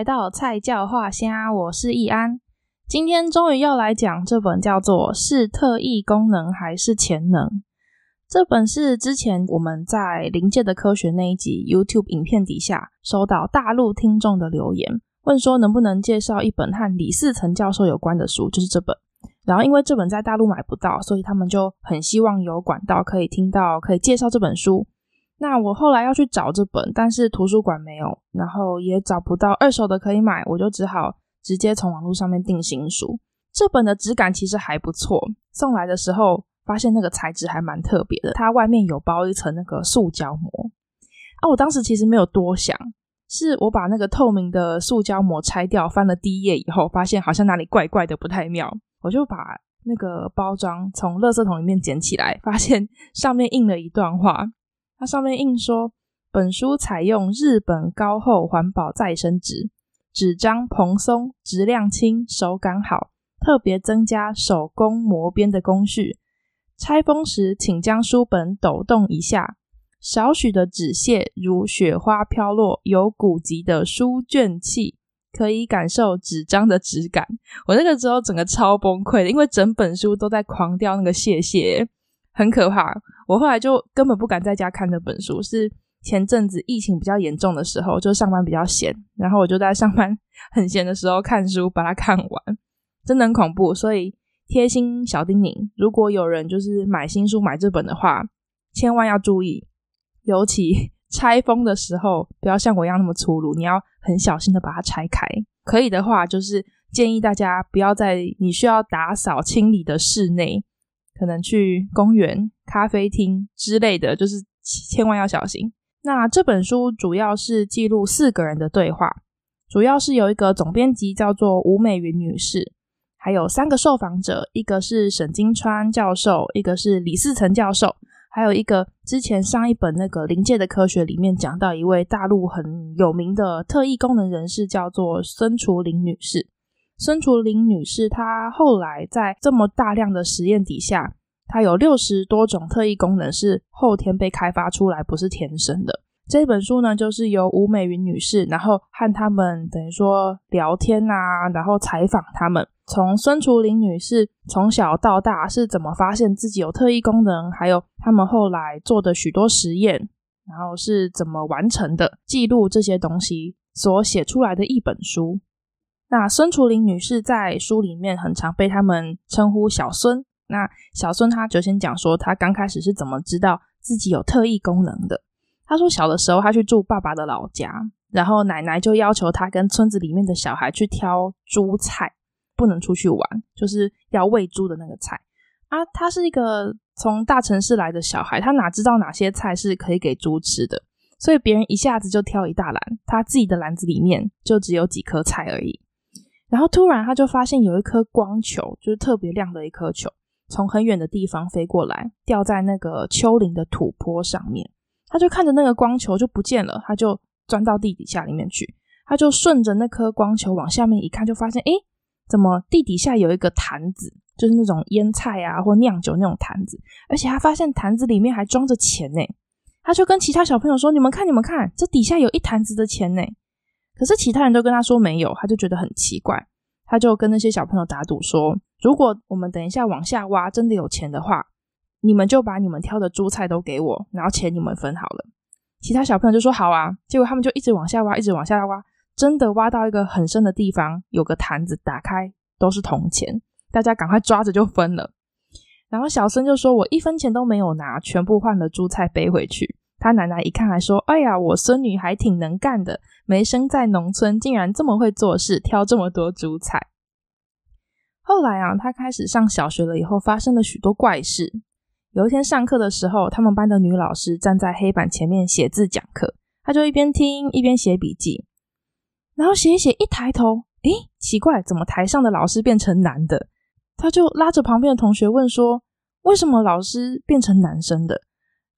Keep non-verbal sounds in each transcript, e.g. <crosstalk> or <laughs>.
來到菜鳥話聲，我是易安。今天終於要來講這本叫做《是特異功能還是潛能》。這本是之前我們在《靈界的科學》那一集 YouTube 影片底下收到大陸聽眾的留言，問說能不能介紹一本和李嗣涔教授有關的書，就是這本。然後因為這本在大陸買不到，所以他們就很希望有管道可以聽到，可以介紹這本書。那我後來要去找這本，但是圖書館沒有，然後也找不到二手的可以買，我就只好直接從網絡上面訂新書。這本的質感其實還不錯，送來的時候發現那個材質還蠻特別的，它外面有包一層那個塑膠膜。啊，我當時其實沒有多想，是我把那個透明的塑膠膜拆掉，翻了第一頁以後，發現好像哪裡怪怪的，不太妙，我就把那個包裝從垃圾桶裡面撿起來，發現上面印了一段話。它上面印說，本書採用日本高厚環保再生紙，紙張蓬鬆，質量輕，手感好，特別增加手工磨邊的工序。拆封時，請將書本抖動一下，少許的紙屑如雪花飄落，有古籍的書卷氣，可以感受紙張的質感。我那個時候整個超崩潰的，因為整本書都在狂掉那個屑屑，很可怕。我後來就根本不敢在家看這本書。是前陣子疫情比較嚴重的時候，就上班比較閒，然後我就在上班很閒的時候看書，把它看完，真的很恐怖。所以貼心小叮嚀：如果有人就是買新書買這本的話，千萬要注意，尤其拆封的時候不要像我一樣那麼粗魯，你要很小心的把它拆開。可以的話，就是建議大家不要在你需要打掃清理的室內，可能去公園。咖啡廳之類，的就是千萬要小心。那這本書主要是記錄四個人的對話，主要是有一個總編輯叫做吳美雲女士，還有三個受訪者，一個是沈金川教授，一個是李嗣涔教授，還有一個之前上一本那個《靈界的科學》裡面講到一位大陸很有名的特異功能人士，叫做孫儲琳女士。孫儲琳女士她後來在這麼大量的實驗底下。它有六十多種特異功能是後天被開發出來，不是天生的。這本書呢，就是由吳美雲女士，然後和他們等於說聊天啊，然後採訪他們，從孫儲琳女士從小到大是怎麼發現自己有特異功能，還有他們後來做的許多實驗，然後是怎麼完成的，記錄這些東西所寫出來的一本書。那孫儲琳女士在書裡面很常被他們稱呼小孫。那小孫他就先講說，他剛開始是怎麼知道自己有特異功能的。他說，小的時候他去住爸爸的老家，然後奶奶就要求他跟村子裡面的小孩去挑豬菜，不能出去玩，就是要餵豬的那個菜。啊，他是一個從大城市來的小孩，他哪知道哪些菜是可以給豬吃的？所以別人一下子就挑一大籃，他自己的籃子裡面就只有幾顆菜而已。然後突然他就發現有一顆光球，就是特別亮的一顆球。從很遠的地方飛過來，掉在那個丘陵的土坡上面。他就看着那個光球就不見了，他就鑽到地底下裡面去。他就順着那顆光球往下面一看，就發現誒，怎麼地底下有一個罈子，就是那種醃菜啊或釀酒那種罈子，而且他發現罈子裡面還裝着錢呢。他就跟其他小朋友說：“你們看，你們看，這底下有一罈子的錢呢。”可是其他人都跟他說沒有，他就覺得很奇怪，他就跟那些小朋友打賭說，如果我們等一下往下挖，真的有錢的話，你們就把你們挑的豬菜都給我，然後錢你們分好了。其他小朋友就說好啊，結果他們就一直往下挖，一直往下挖，真的挖到一個很深的地方，有個罈子打開，都是銅錢，大家趕快抓着就分了。然後小孫就說：“我一分錢都沒有拿，全部換了豬菜背回去。”他奶奶一看，還說：“哎呀，我孫女還挺能幹的，沒生在農村，竟然這麼會做事，挑這麼多豬菜。”後來啊，他開始上小學了以後，發生了許多怪事。有一天上課的時候，他們班的女老師站在黑板前面寫字講課，他就一邊聽一邊寫筆記。然後寫一寫，一抬頭，誒，奇怪，怎麼台上的老師變成男的？他就拉着旁邊的同學問說：“為什麼老師變成男生的？”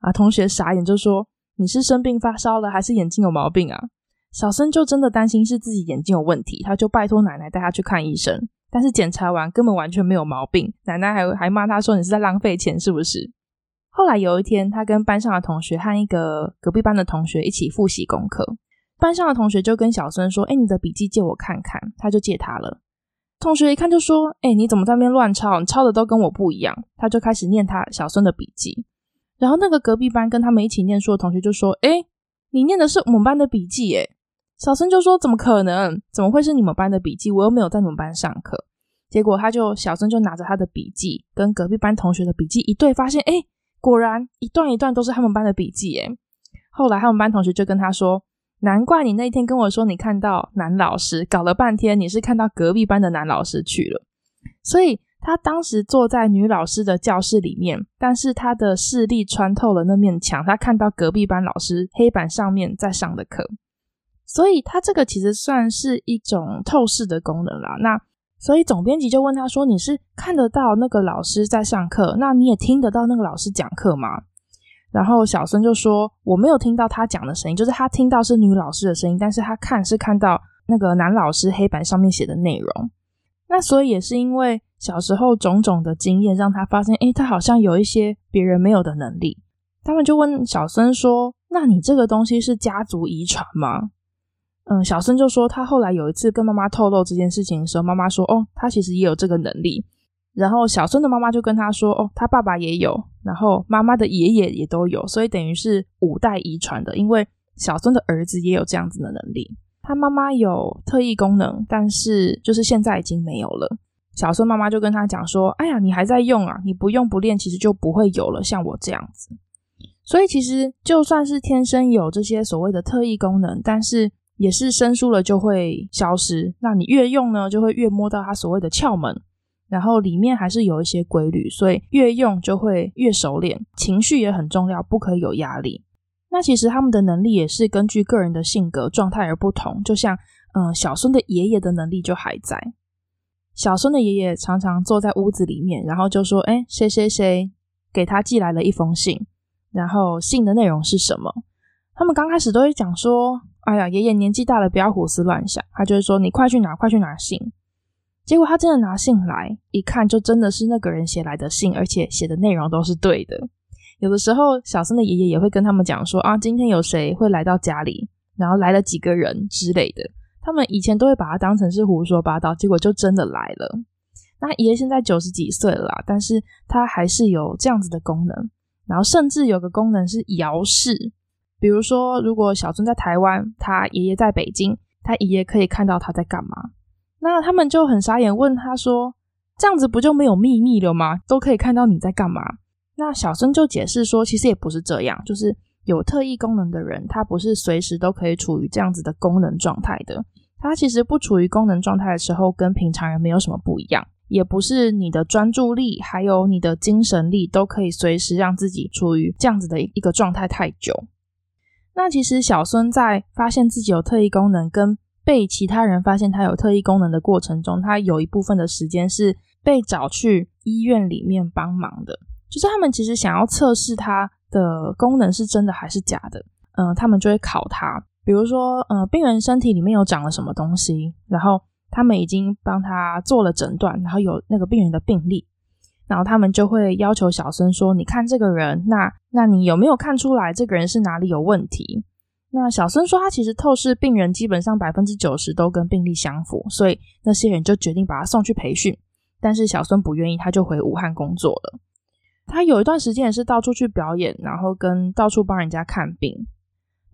啊，同學傻眼就說：“你是生病發燒了，還是眼睛有毛病啊？”小生就真的擔心是自己眼睛有問題，他就拜託奶奶帶他去看醫生。但是檢查完根本完全沒有毛病，奶奶還還罵他說，你是在浪費錢，是不是？後來有一天，他跟班上的同學和一個隔壁班的同學一起複習功課，班上的同學就跟小孫說：“欸，你的筆記借我看看。”他就借他了。同學一看就說：“欸，你怎麼在那邊亂抄？你抄的都跟我不一樣。”他就開始念他小孫的筆記，然後那個隔壁班跟他們一起念書的同學就說：“欸，你念的是我們班的筆記欸。”小聲就說：“怎麼可能？怎麼會是你們班的筆記？我又沒有在你們班上課。”結果他就小聲就拿着他的筆記跟隔壁班同學的筆記一對，發現誒，果然一段一段都是他們班的筆記誒，後來他們班同學就跟他說：“難怪你那天跟我說你看到男老師，搞了半天你是看到隔壁班的男老師去了。”所以他當時坐在女老師的教室裡面，但是他的視力穿透了那面牆，他看到隔壁班老師黑板上面在上的課。所以他這個其實算是一種透視的功能啦。那所以總編輯就問他說：“你是看得到那個老師在上課，那你也聽得到那個老師講課嗎？”然後小孫就說：“我沒有聽到他講的聲音，就是他聽到是女老師的聲音，但是他看是看到那個男老師黑板上面寫的內容。那所以也是因為小時候種種的經驗，讓他發現，誒，他好像有一些別人沒有的能力。”他們就問小孫說：“那你這個東西是家族遺傳嗎？”嗯，小孫就說他後來有一次跟媽媽透露這件事情的時候，媽媽說：“哦，他其實也有這個能力。”然後小孫的媽媽就跟他說：“哦，他爸爸也有，然後媽媽的爺爺也都有，所以等於是五代遺傳的。因為小孫的兒子也有這樣子的能力，他媽媽有特異功能，但是就是現在已經沒有了。小孫媽媽就跟他講說：‘哎呀，你還在用啊？你不用不練，其實就不會有了。像我這樣子。’”所以其實就算是天生有這些所謂的特異功能，但是。也是生疏了就會消失。那你越用呢，就會越摸到他所謂的竅門，然後裡面還是有一些規律，所以越用就會越熟練。情緒也很重要，不可以有壓力。那其實他們的能力也是根據個人的性格狀態而不同。就像嗯，小孫的爺爺的能力就還在。小孫的爺爺常常坐在屋子裡面，然後就說：“哎，誰誰誰給他寄來了一封信，然後信的內容是什麼？”他們剛開始都會講說。哎呀，爺爺年紀大了，不要胡思亂想。他就是說：“你快去拿，快去拿信。”結果他真的拿信來，一看就真的是那個人寫來的信，而且寫的內容都是對的。有的時候，小生的爺爺也會跟他們講說：“啊，今天有誰會來到家裡？然後來了幾個人之類的。”他們以前都會把他當成是胡說八道，結果就真的來了。那爺爺現在九十幾歲了啦，但是他還是有這樣子的功能，然後甚至有個功能是遙視。比如說，如果小孫在台灣，他爺爺在北京，他爺爺可以看到他在幹嘛。那他們就很傻眼，問他說：“這樣子不就沒有秘密了嗎？都可以看到你在幹嘛？”那小孫就解釋說：“其實也不是這樣，就是有特異功能的人，他不是隨時都可以處於這樣子的功能狀態的。他其實不處於功能狀態的時候，跟平常人沒有什麼不一樣，也不是你的專注力還有你的精神力都可以隨時讓自己處於這樣子的一個狀態太久。”那其實小孫在發現自己有特異功能，跟被其他人發現他有特異功能的過程中，他有一部分的時間是被找去醫院裡面幫忙的。就是他們其實想要測試他的功能是真的還是假的，嗯，他們就會考他，比如說，嗯，病人身體裡面有長了什麼東西，然後他們已經幫他做了診斷，然後有那個病人的病歷。然後他們就會要求小孫說：“你看這個人，那那你有沒有看出來這個人是哪裡有問題？”那小孫說：“他其實透視病人基本上百分之九十都跟病歷相符，所以那些人就決定把他送去培訓。”但是小孫不願意，他就回武漢工作了。他有一段時間也是到處去表演，然後跟到處幫人家看病。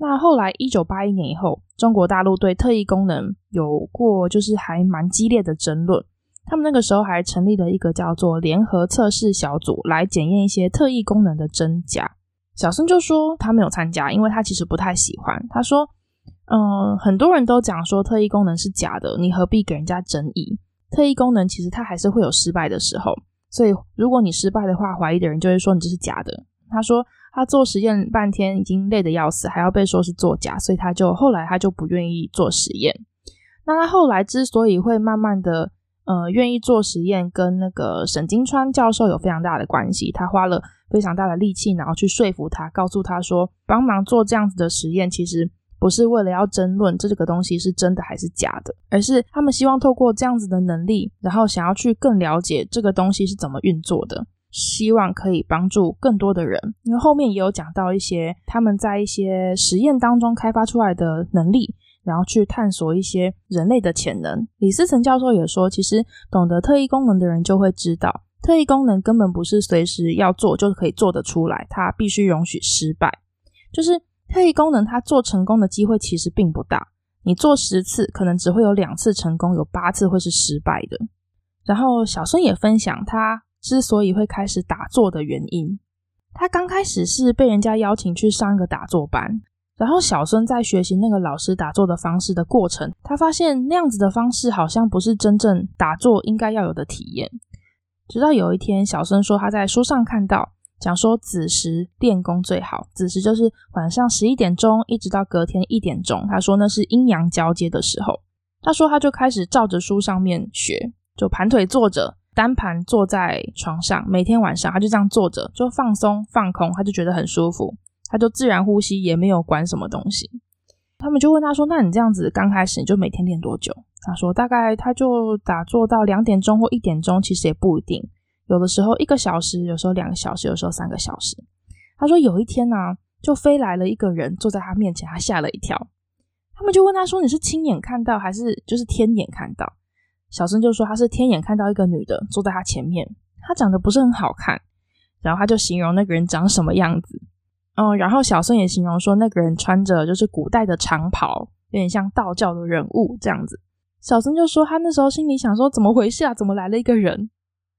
那後來一九八一年以後，中國大陸對特異功能有過就是還蠻激烈的爭論。他們那個時候還成立了一個叫做聯合測試小組，來檢驗一些特異功能的真假。小生就說他沒有參加，因為他其實不太喜歡。他說：“嗯，很多人都講說特異功能是假的，你何必給人家爭議？特異功能其實它還是會有失敗的時候，所以如果你失敗的話，懷疑的人就會說你這是假的。”他說他做實驗半天已經累得要死，還要被說是作假，所以他就後來他就不願意做實驗。那他後來之所以會慢慢的。呃，願意做實驗跟那個沈金川教授有非常大的關係。他花了非常大的力氣，然後去說服他，告訴他說，幫忙做這樣子的實驗，其實不是為了要爭論這個東西是真的還是假的，而是他們希望透過這樣子的能力，然後想要去更了解這個東西是怎麼運作的，希望可以幫助更多的人。因為後面也有講到一些他們在一些實驗當中開發出來的能力。然後去探索一些人類的潛能。李嗣涔教授也說，其實懂得特異功能的人就會知道，特異功能根本不是隨時要做就可以做得出來，它必須容許失敗。就是特異功能，它做成功的機會其實並不大。你做十次，可能只會有兩次成功，有八次會是失敗的。然後小生也分享他之所以會開始打坐的原因，他剛開始是被人家邀請去上一個打坐班。然後小孫在學習那個老師打坐的方式的過程，他發現那樣子的方式好像不是真正打坐應該要有的體驗。直到有一天，小孫說他在書上看到，講說子時練功最好，子時就是晚上十一點鐘一直到隔天一點鐘。他說那是陰陽交接的時候。他說他就開始照着書上面學，就盤腿坐着，單盤坐在床上，每天晚上他就這樣坐着，就放鬆放空，他就覺得很舒服。他就自然呼吸，也沒有管什麼東西。他們就問他說：“那你這樣子剛開始，你就每天練多久？”他說：“大概他就打坐到兩點鐘或一點鐘，其實也不一定。有的時候一個小時，有時候兩個小時，有時候三個小時。”他說：“有一天呢、啊，就飛來了一個人坐在他面前，他嚇了一跳。他們就問他說：‘你是親眼看到，還是就是天眼看到？’小沈就說他是天眼看到一個女的坐在他前面，她長得不是很好看。然後他就形容那個人長什麼樣子。”嗯，然後小孫也形容說，那個人穿着就是古代的長袍，有點像道教的人物這樣子。小孫就說，他那時候心裡想說，怎麼回事啊？怎麼來了一個人？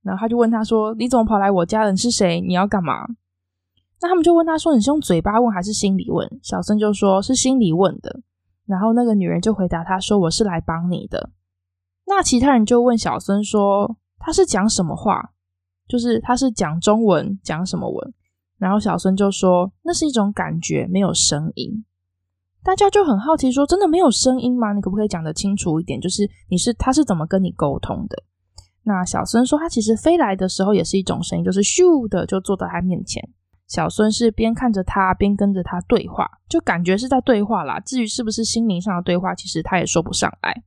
然後他就問他說：“你怎麼跑來我家的？你是誰？你要幹嘛？”那他們就問他說：“你是用嘴巴問還是心裡問？”小孫就說：“是心裡問的。”然後那個女人就回答他說：“我是來幫你的。”那其他人就問小孫說：“他是講什麼話？就是他是講中文，講什麼文？”然後小孫就說：“那是一種感覺，沒有聲音。”大家就很好奇，說：“真的沒有聲音嗎？你可不可以講得清楚一點？就是你是他是怎麼跟你溝通的？”那小孫說：“他其實飛來的時候也是一種聲音，就是咻的就坐到他面前。小孫是邊看着他邊跟着他對話，就感覺是在對話啦。至於是不是心靈上的對話，其實他也說不上來。”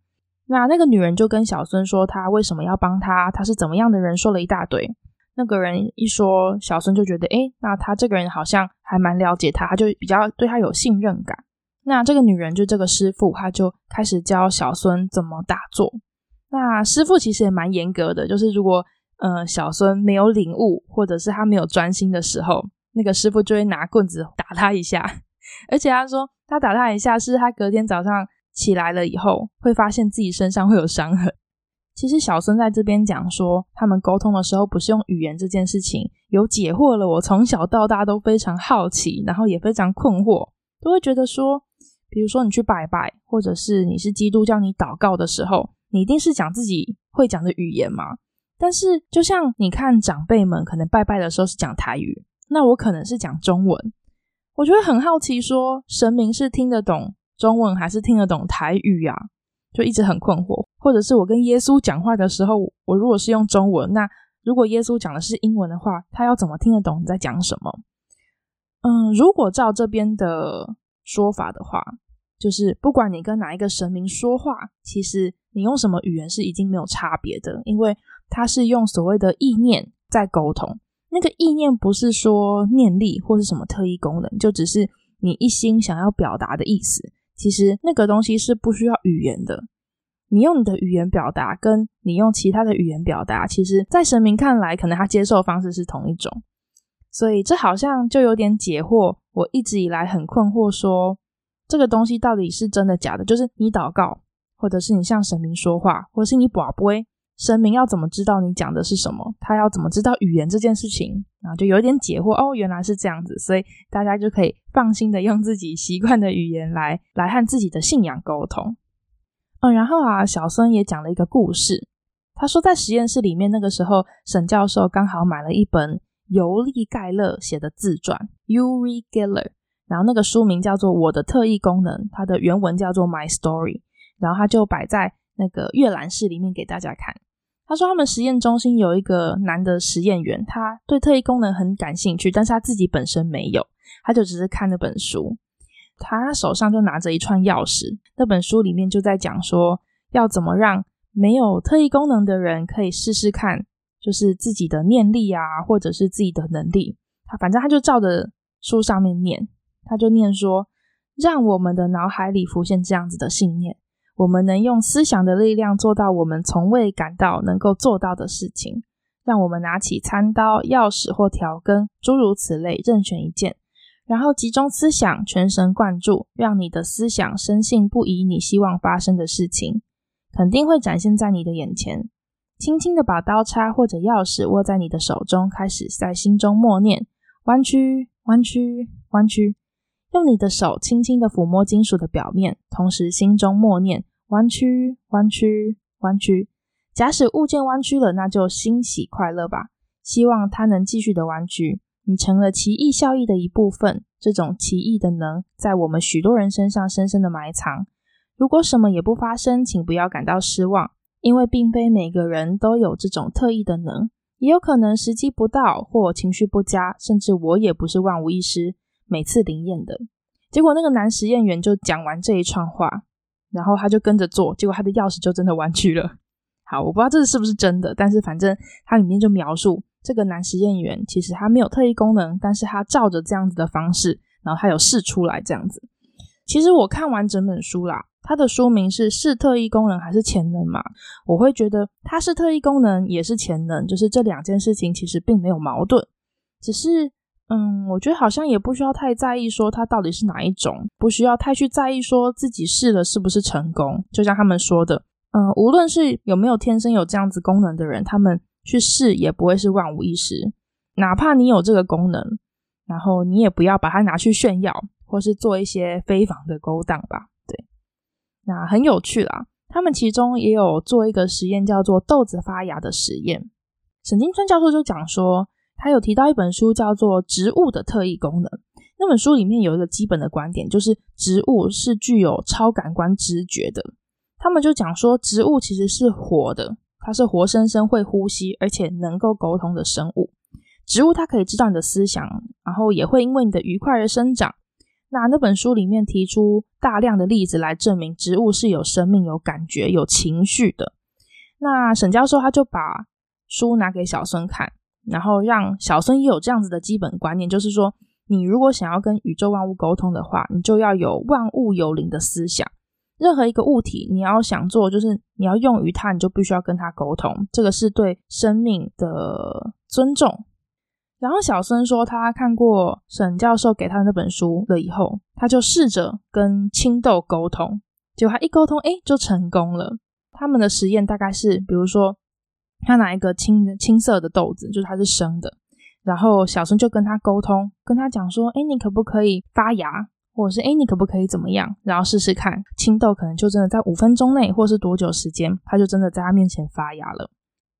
那那個女人就跟小孫說：“他為什麼要幫他？他是怎麼樣的人？”說了一大堆。那個人一說，小孫就覺得，哎，那他這個人好像還蠻了解他，他就比較對他有信任感。那這個女人就這個師傅，他就開始教小孫怎麼打坐。那師傅其實也蠻嚴格的，就是如果嗯、呃、小孫沒有領悟，或者是他沒有專心的時候，那個師傅就會拿棍子打他一下。 <laughs> 而且他說，他打他一下，是他隔天早上起來了以後，會發現自己身上會有傷痕。其實小孫在這邊講說，他們溝通的時候不是用語言這件事情有解惑了我。我從小到大都非常好奇，然後也非常困惑，都會覺得說，比如說你去拜拜，或者是你是基督教，你禱告的時候，你一定是講自己會講的語言嘛？但是就像你看長輩們可能拜拜的時候是講台語，那我可能是講中文，我就會很好奇說，說神明是聽得懂中文還是聽得懂台語啊？就一直很困惑，或者是我跟耶穌講話的時候，我如果是用中文，那如果耶穌講的是英文的話，他要怎麼聽得懂你在講什麼？嗯，如果照這邊的說法的話，就是不管你跟哪一個神明說話，其實你用什麼語言是已經沒有差別的，因為他是用所謂的意念在溝通。那個意念不是說念力或是什麼特異功能，就只是你一心想要表達的意思。其實那個東西是不需要語言的，你用你的語言表達，跟你用其他的語言表達，其實，在神明看來，可能他接受方式是同一種，所以這好像就有點解惑。我一直以來很困惑說，說這個東西到底是真的假的？就是你禱告，或者是你向神明說話，或者是你跋杯。神明要怎麼知道你講的是什麼？他要怎麼知道語言這件事情？然後就有一點解惑哦，原來是這樣子，所以大家就可以放心的用自己習慣的語言來來和自己的信仰溝通。嗯，然後啊，小孫也講了一個故事。他說在實驗室裡面，那個時候沈教授剛好買了一本尤利蓋勒寫的自傳，Uri Geller，然後那個書名叫做《我的特異功能》，它的原文叫做《My Story》，然後他就擺在那個閱覽室裡面給大家看。他說，他們實驗中心有一個男的實驗員，他對特異功能很感興趣，但是他自己本身沒有，他就只是看那本書。他手上就拿着一串鑰匙，那本書裡面就在講說，要怎麼讓沒有特異功能的人可以試試看，就是自己的念力啊，或者是自己的能力。他反正他就照着書上面念，他就念說，讓我們的腦海裡浮現這樣子的信念。我們能用思想的力量做到我們從未感到能夠做到的事情。讓我們拿起餐刀、鑰匙或調羹，諸如此類，任選一件，然後集中思想，全神貫注，讓你的思想深信不疑。你希望發生的事情，肯定會展現在你的眼前。輕輕地把刀叉或者鑰匙握在你的手中，開始在心中默念：彎曲，彎曲，彎曲。用你的手輕輕地撫摸金屬的表面，同時心中默念。彎曲，彎曲，彎曲。假使物件彎曲了，那就欣喜快樂吧。希望它能繼續的彎曲。你成了奇異效應的一部分。這種奇異的能在我們許多人身上深深的埋藏。如果什麼也不發生，請不要感到失望，因為並非每個人都有這種特異的能。也有可能時機不到，或情緒不佳，甚至我也不是萬無一失、每次靈驗的。結果，那個男實驗員就講完這一串話。然後他就跟着做，結果他的鑰匙就真的彎曲了。好，我不知道這是不是真的，但是反正它裡面就描述這個男實驗員其實他沒有特異功能，但是他照着這樣子的方式，然後他有試出來這樣子。其實我看完整本書啦，它的書名是“是特異功能還是潛能嘛？我會覺得它是特異功能，也是潛能，就是這兩件事情其實並沒有矛盾，只是。嗯，我覺得好像也不需要太在意，說它到底是哪一種，不需要太去在意，說自己試了是不是成功。就像他們說的，嗯，無論是有沒有天生有這樣子功能的人，他們去試也不會是萬無一失。哪怕你有這個功能，然後你也不要把它拿去炫耀，或是做一些非法的勾當吧。對，那很有趣啦。他們其中也有做一個實驗，叫做豆子發芽的實驗。沈金川教授就講說。他有提到一本書，叫做《植物的特異功能》。那本書裡面有一個基本的觀點，就是植物是具有超感官知覺的。他們就講說，植物其實是活的，它是活生生會呼吸，而且能夠溝通的生物。植物它可以知道你的思想，然後也會因為你的愉快而生長。那那本書裡面提出大量的例子來證明植物是有生命、有感覺、有情緒的。那沈教授他就把書拿給小孫看。然後讓小孫也有這樣子的基本觀念，就是說，你如果想要跟宇宙萬物溝通的話，你就要有萬物有靈的思想。任何一個物體，你要想做，就是你要用於它，你就必須要跟它溝通。這個是對生命的尊重。然後小孫說，他看過沈教授給他的那本書了以後，他就試着跟青豆溝通，結果他一溝通，哎，就成功了。他們的實驗大概是，比如說。他拿一個青青色的豆子，就是它是生的，然後小孫就跟他溝通，跟他講說，哎，你可不可以發芽，或是哎，你可不可以怎麼樣，然後試試看，青豆可能就真的在五分鐘內，或是多久時間，它就真的在他面前發芽了。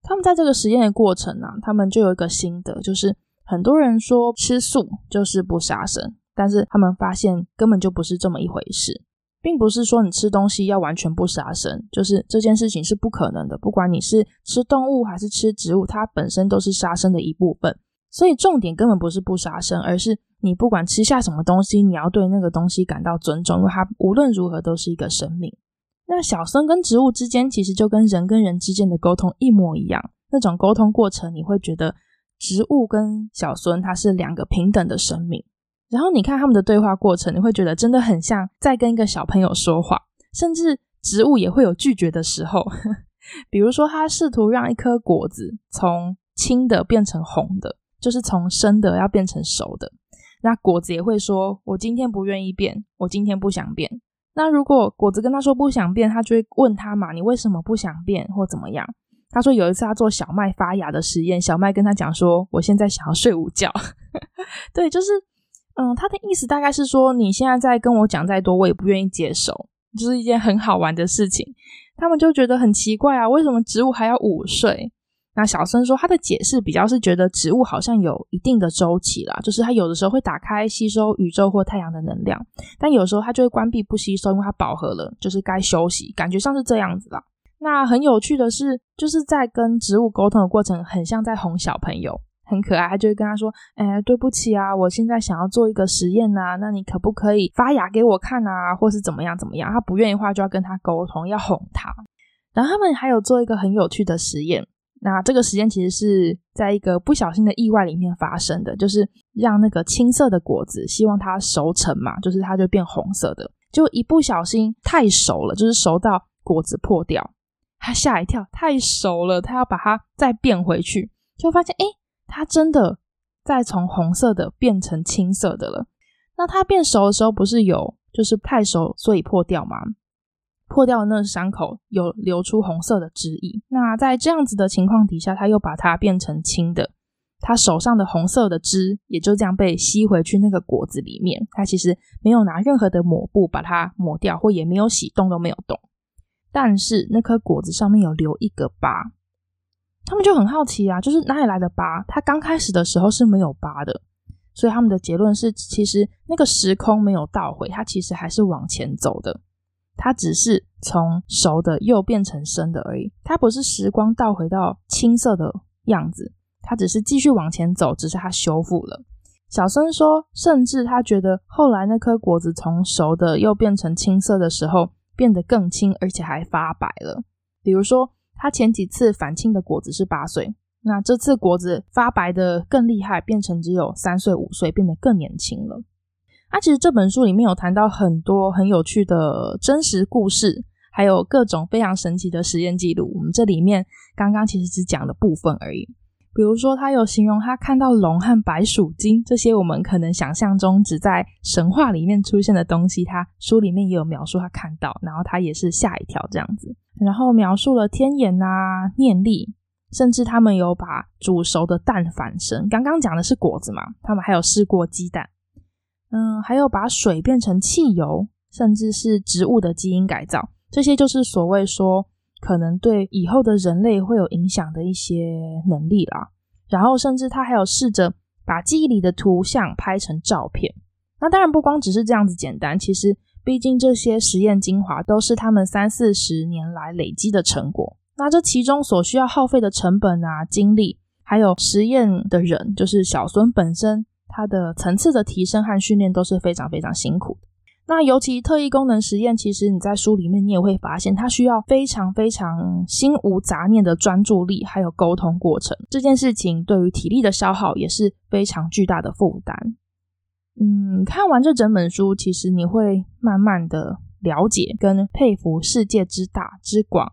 他們在這個實驗的過程呢、啊，他們就有一個心得，就是很多人說吃素就是不殺生，但是他們發現根本就不是這麼一回事。並不是說你吃東西要完全不殺生，就是這件事情是不可能的。不管你是吃動物還是吃植物，它本身都是殺生的一部分。所以重點根本不是不殺生，而是你不管吃下什麼東西，你要對那個東西感到尊重，因為它無論如何都是一個生命。那小孫跟植物之間其實就跟人跟人之間的溝通一模一樣，那種溝通過程，你會覺得植物跟小孫它是兩個平等的生命。然後你看他們的對話過程，你會覺得真的很像在跟一個小朋友說話，甚至植物也會有拒絕的時候。 <laughs> 比如說，他試圖讓一顆果子從青的變成紅的，就是從生的要變成熟的，那果子也會說：“我今天不願意變，我今天不想變。”那如果果子跟他說不想變，他就會問他嘛：“你為什麼不想變或怎麼樣？”他說：“有一次他做小麥發芽的實驗，小麥跟他講說：‘我現在想要睡午覺。 <laughs> ’對，就是。”嗯，他的意思大概是說，你現在在跟我講再多，我也不願意接受，就是一件很好玩的事情。他們就覺得很奇怪啊，為什麼植物還要午睡？那小孫說他的解釋比較是覺得植物好像有一定的周期啦，就是它有的時候會打開吸收宇宙或太陽的能量，但有的時候它就會關閉不吸收，因為它飽和了，就是該休息，感覺像是這樣子啦。那很有趣的是，就是在跟植物溝通的過程，很像在哄小朋友。很可愛，他就會跟他說：“哎、欸，對不起啊，我現在想要做一個實驗啊。那你可不可以發芽給我看啊，或是怎麼樣怎麼樣？”他不願意的話，就要跟他溝通，要哄他。然後他們還有做一個很有趣的實驗。那這個實驗其實是在一個不小心的意外裡面發生的，就是讓那個青色的果子希望它熟成嘛，就是它就變紅色的。就一不小心太熟了，就是熟到果子破掉，他嚇一跳，太熟了，他要把它再變回去，就發現哎，欸它真的在從紅色的變成青色的了。那它變熟的時候，不是有就是太熟，所以破掉嗎？破掉的那個傷口有流出紅色的汁液。那在這樣子的情況底下，他又把它變成青的。他手上的紅色的汁也就這樣被吸回去那個果子裡面。他其實沒有拿任何的抹布把它抹掉，或也沒有洗，動都沒有動。但是那顆果子上面有留一個疤。他們就很好奇啊，就是哪裡來的疤？他剛開始的時候是沒有疤的，所以他們的結論是，其實那個時空沒有倒回，它其實還是往前走的，它只是從熟的又變成生的而已。它不是時光倒回到青色的樣子，它只是繼續往前走，只是它修復了。小生說，甚至他覺得後來那顆果子從熟的又變成青色的時候，變得更青，而且還發白了。比如說。他前幾次返青的果子是八歲，那這次果子發白得更厲害，變成只有三歲五歲，變得更年輕了。啊，其實這本書裡面有談到很多很有趣的真實故事，還有各種非常神奇的實驗記錄。我們這裡面剛剛其實只講了部分而已。比如說，他有形容他看到龍和白鼠精這些我們可能想象中只在神話裡面出現的東西，他書裡面也有描述他看到，然後他也是嚇一跳這樣子。然後描述了天眼啊、念力，甚至他們有把煮熟的蛋返生。剛剛講的是果子嘛，他們還有試過雞蛋，嗯，還有把水變成汽油，甚至是植物的基因改造，這些就是所謂說。可能對以後的人類會有影響的一些能力啦，然後甚至他還有試着把記憶裡的圖像拍成照片。那當然不光只是這樣子簡單，其實畢竟這些實驗精華都是他們三四十年來累積的成果。那這其中所需要耗費的成本啊、精力，還有實驗的人，就是小孫本身，他的層次的提升和訓練都是非常非常辛苦的。那尤其特異功能實驗，其實你在書裡面你也會發現，它需要非常非常心無雜念的專注力，還有溝通過程。這件事情對於體力的消耗也是非常巨大的負擔。嗯，看完這整本書，其實你會慢慢的了解跟佩服世界之大、之廣、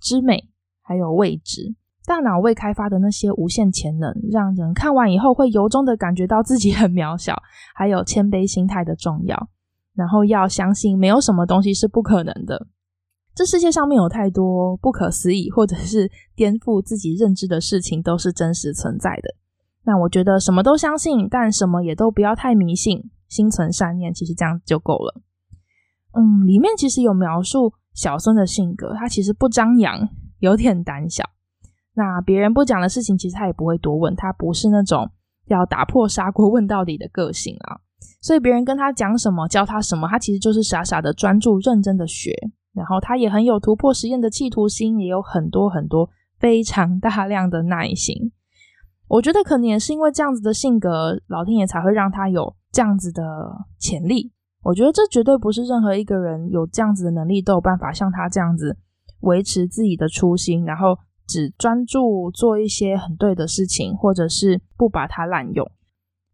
之美，還有未知。大腦未開發的那些無限潛能，讓人看完以後會由衷的感覺到自己很渺小，還有謙卑心態的重要。然後要相信，沒有什麼東西是不可能的。這世界上面有太多不可思議，或者是顛覆自己認知的事情，都是真實存在的。那我覺得什麼都相信，但什麼也都不要太迷信，心存善念，其實這樣就夠了。嗯，裡面其實有描述小孫的性格，他其實不張揚，有點膽小。那別人不講的事情，其實他也不會多問，他不是那種要打破砂鍋問到底的個性啊。所以別人跟他講什麼，教他什麼，他其實就是傻傻的專注認真的學。然後他也很有突破實驗的企圖心，也有很多很多非常大量的耐心。我覺得可能也是因為這樣子的性格，老天爺才會讓他有這樣子的潛力。我覺得這絕對不是任何一個人有這樣子的能力都有辦法像他這樣子維持自己的初心，然後只專注做一些很對的事情，或者是不把它濫用。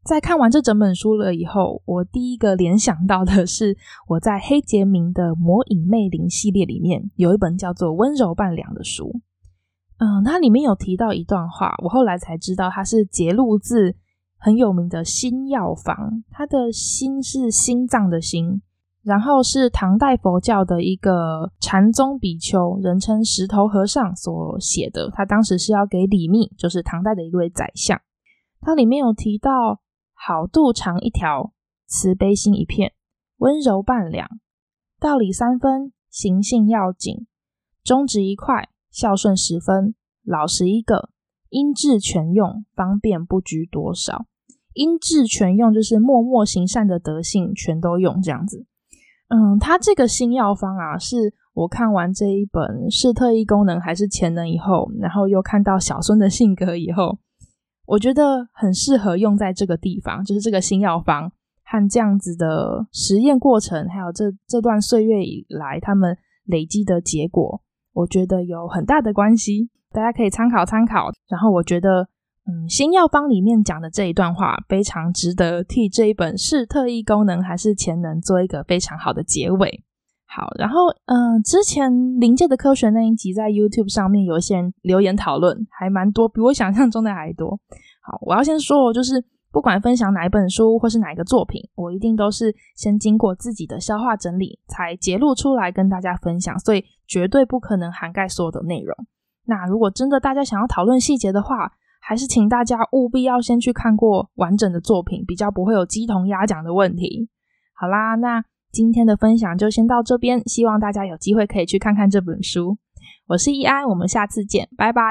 在看完這整本書了以後，我第一個聯想到的是，我在黑潔明的《魔影魅靈》系列裡面有一本叫做《溫柔半兩》的書，嗯，它裡面有提到一段話，我後來才知道它是節錄自很有名的《心藥方》。它的“心”是心臟的“心”，然後是唐代佛教的一個禪宗比丘，人稱石頭和尚所寫的，他當時是要給李密，就是唐代的一位宰相，它裡面有提到。好度長一條，慈悲心一片，溫柔半兩，道理三分，行性要緊，忠直一塊，孝順十分，老實一個，音質全用，方便不拘多少。音質全用就是默默行善的德性全都用這樣子。嗯，他這個新藥方啊，是我看完這一本是特異功能還是潛能以後，然後又看到小孫的性格以後。我覺得很適合用在這個地方，就是這個心藥方和這樣子的實驗過程，還有這這段歲月以來他們累積的結果，我覺得有很大的關係。大家可以參考參考。然後我覺得，嗯，心藥方裡面講的這一段話非常值得替這一本是特異功能還是潛能做一個非常好的結尾。好，然後嗯，之前靈界的科學那一集在 YouTube 上面有一些人留言討論，還蠻多，比我想象中的還多。好，我要先說，就是不管分享哪一本書或是哪一個作品，我一定都是先經過自己的消化整理，才節錄出來跟大家分享，所以絕對不可能涵蓋所有的內容。那如果真的大家想要討論細節的話，還是請大家務必要先去看過完整的作品，比較不會有雞同鴨講的問題。好啦，那。今天的分享就先到這邊，希望大家有機會可以去看看這本書。我是易安，我們下次見，拜拜。